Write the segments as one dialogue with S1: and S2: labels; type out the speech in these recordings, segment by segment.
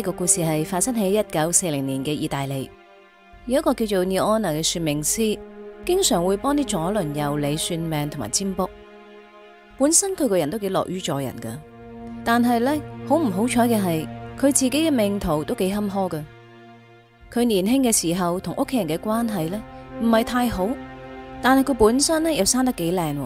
S1: 呢個故事係發生喺一九四零年嘅意大利，有一個叫做尼安娜嘅算命師，經常會幫啲左鄰右里算命同埋占卜。本身佢個人都幾樂於助人噶，但係呢，好唔好彩嘅係，佢自己嘅命途都幾坎坷噶。佢年輕嘅時候同屋企人嘅關係呢，唔係太好，但係佢本身呢又生得幾靚喎，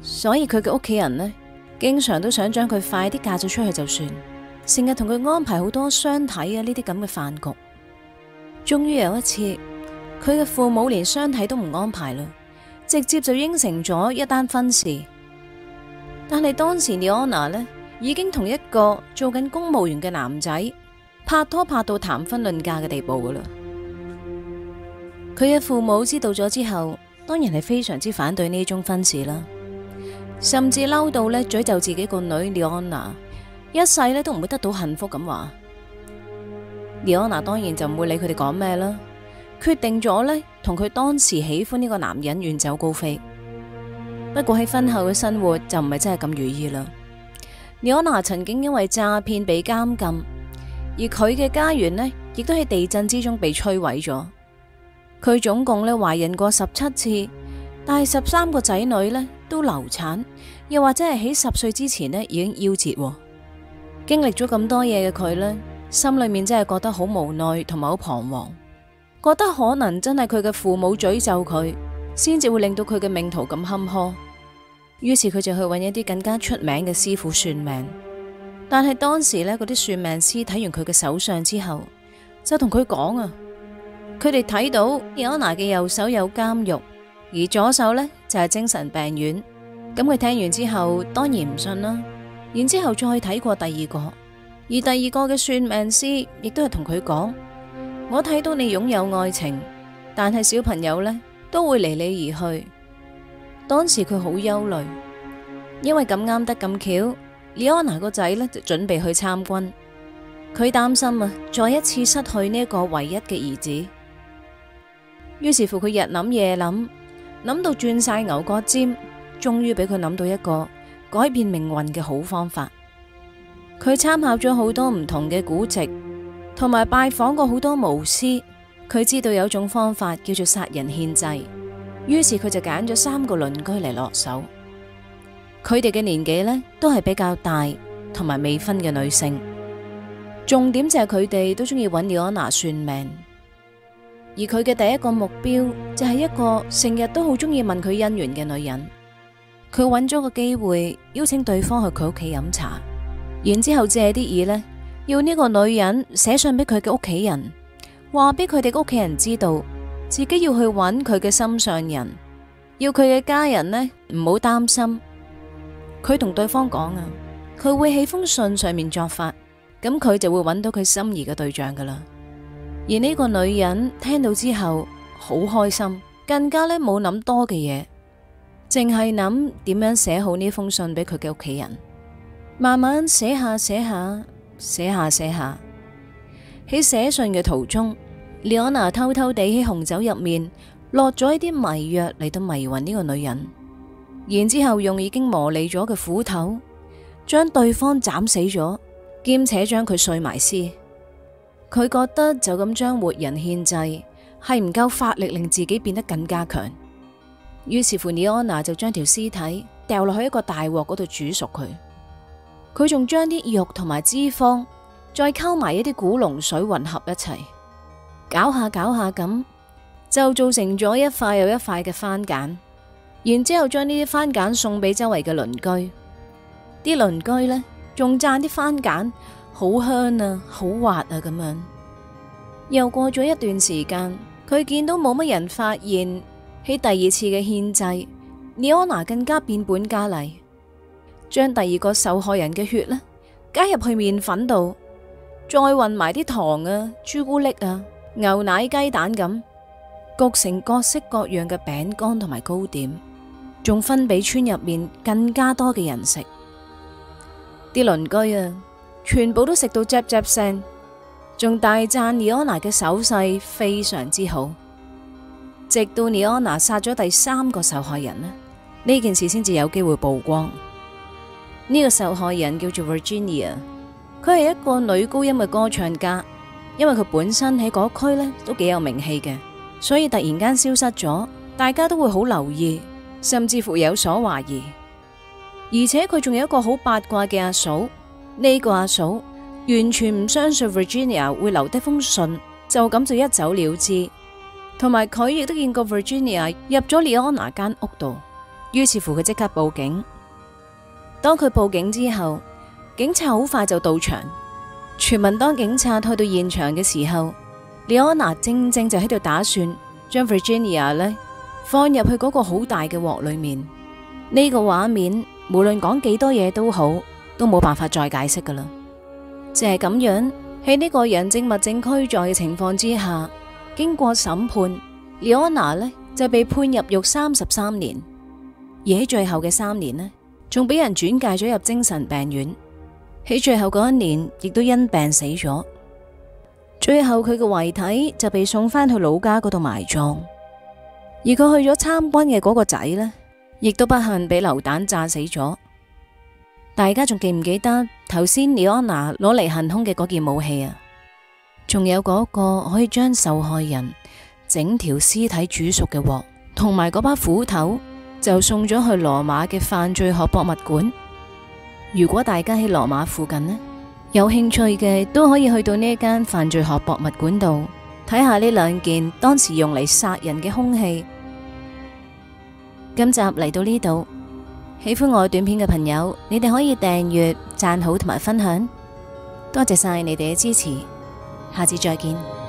S1: 所以佢嘅屋企人呢，經常都想將佢快啲嫁咗出去就算。成日同佢安排好多相睇呀、呢啲咁嘅飯局，終於有一次，佢嘅父母連相睇都唔安排啦，直接就應承咗一單婚事。但係當時，Leona 咧，已經同一個做緊公務員嘅男仔拍拖拍到談婚論嫁嘅地步噶啦。佢嘅父母知道咗之後，當然係非常之反對呢種婚事啦，甚至嬲到咧，詛咒自己個女 Leona，一世呢都唔會得到幸福咁話，尼安娜當然就唔會理佢哋講咩啦。決定咗呢，同佢當時喜歡呢個男人遠走高飛。不過喺婚後嘅生活就唔係真係咁如意啦。尼安娜曾經因為詐騙被監禁，而佢嘅家園呢亦都喺地震之中被摧毀咗。佢總共呢懷孕過十七次，但係十三個仔女呢都流產，又或者係喺十歲之前呢已經夭折。經歷咗咁多嘢嘅佢呢，心裏面真係覺得好無奈同埋好彷徨，覺得可能真係佢嘅父母詛咒佢，先至會令到佢嘅命途咁坎坷。於是佢就去揾一啲更加出名嘅師傅算命，但係當時呢，嗰啲算命師睇完佢嘅手相之後，就同佢講啊，佢哋睇到葉安娜嘅右手有監獄，而左手呢，就係精神病院。咁佢聽完之後，當然唔信啦。然之後再睇過第二個，而第二個嘅算命師亦都係同佢講：「我睇到你擁有愛情，但係小朋友呢都會離你而去。當時佢好憂慮，因為咁啱得咁巧，李安娜個仔呢就準備去參軍，佢擔心啊，再一次失去呢一個唯一嘅兒子。於是乎，佢日諗夜諗，諗到轉晒牛角尖，終於俾佢諗到一個。改變命運嘅好方法，佢參考咗好多唔同嘅古籍，同埋拜訪過好多巫師。佢知道有種方法叫做殺人獻祭，於是佢就揀咗三個鄰居嚟落手。佢哋嘅年紀呢都係比較大，同埋未婚嘅女性。重點就係佢哋都中意揾李安娜算命。而佢嘅第一個目標就係、是、一個成日都好中意問佢姻緣嘅女人。佢揾咗個機會邀請對方去佢屋企飲茶，然之後借啲嘢呢，要呢個女人寫信俾佢嘅屋企人，話俾佢哋屋企人知道自己要去揾佢嘅心上人，要佢嘅家人呢，唔好擔心。佢同對方講啊，佢會喺封信上面作法，咁佢就會揾到佢心儀嘅對象噶啦。而呢個女人聽到之後好開心，更加呢冇諗多嘅嘢。淨係諗點樣寫好呢封信俾佢嘅屋企人，慢慢寫下寫下寫下寫下。喺寫信嘅途中，莉安娜偷偷地喺紅酒入面落咗一啲迷藥嚟到迷暈呢個女人，然之後用已經磨利咗嘅斧頭將對方斬死咗，兼且將佢碎埋屍。佢覺得就咁將活人獻祭係唔夠法力令自己變得更加強。於是乎，富尼安娜就將條屍體掉落去一個大鑊嗰度煮熟佢。佢仲將啲肉同埋脂肪再溝埋一啲古龍水混合一齊，攪下攪下咁，就做成咗一塊又一塊嘅番梘。然之後將呢啲番梘送俾周圍嘅鄰居。啲鄰居呢，仲讚啲番梘好香啊，好滑啊咁樣。又過咗一段時間，佢見到冇乜人發現。喺第二次嘅獻祭，莉安娜更加變本加厲，將第二個受害人嘅血呢加入去麵粉度，再混埋啲糖啊、朱古力啊、牛奶、雞蛋咁，焗成各式各樣嘅餅乾同埋糕點，仲分俾村入面更加多嘅人食。啲鄰居啊，全部都食到嘖嘖聲，仲大讚莉安娜嘅手勢非常之好。直到尼安娜殺咗第三個受害人咧，呢件事先至有機會曝光。呢個受害人叫做 Virginia，佢係一個女高音嘅歌唱家，因為佢本身喺嗰區咧都幾有名氣嘅，所以突然間消失咗，大家都會好留意，甚至乎有所懷疑。而且佢仲有一個好八卦嘅阿嫂，呢個阿嫂完全唔相信 Virginia 會留低封信，就咁就一走了之。同埋佢亦都見過 Virginia 入咗 Leona 間屋度，於是乎佢即刻報警。當佢報警之後，警察好快就到場。傳聞當警察去到現場嘅時候，Leona 正正就喺度打算將 Virginia 呢放入去嗰個好大嘅鑊裏面。呢、這個畫面無論講幾多嘢都好，都冇辦法再解釋㗎喇。就係、是、咁樣喺呢個人證物證俱在嘅情況之下。經過審判，Leona 咧就被判入獄三十三年，而喺最後嘅三年咧，仲俾人轉介咗入精神病院，喺最後嗰一年亦都因病死咗。最後佢嘅遺體就被送翻去老家嗰度埋葬，而佢去咗參軍嘅嗰個仔呢亦都不幸俾流彈炸死咗。大家仲記唔記得頭先 Leona 攞嚟行凶嘅嗰件武器啊？仲有嗰個可以將受害人整條屍體煮熟嘅鑊，同埋嗰把斧頭，就送咗去羅馬嘅犯罪學博物館。如果大家喺羅馬附近呢，有興趣嘅都可以去到呢一間犯罪學博物館度睇下呢兩件當時用嚟殺人嘅兇器。今集嚟到呢度，喜歡我短片嘅朋友，你哋可以訂閱、讚好同埋分享，多謝晒你哋嘅支持。下次再見。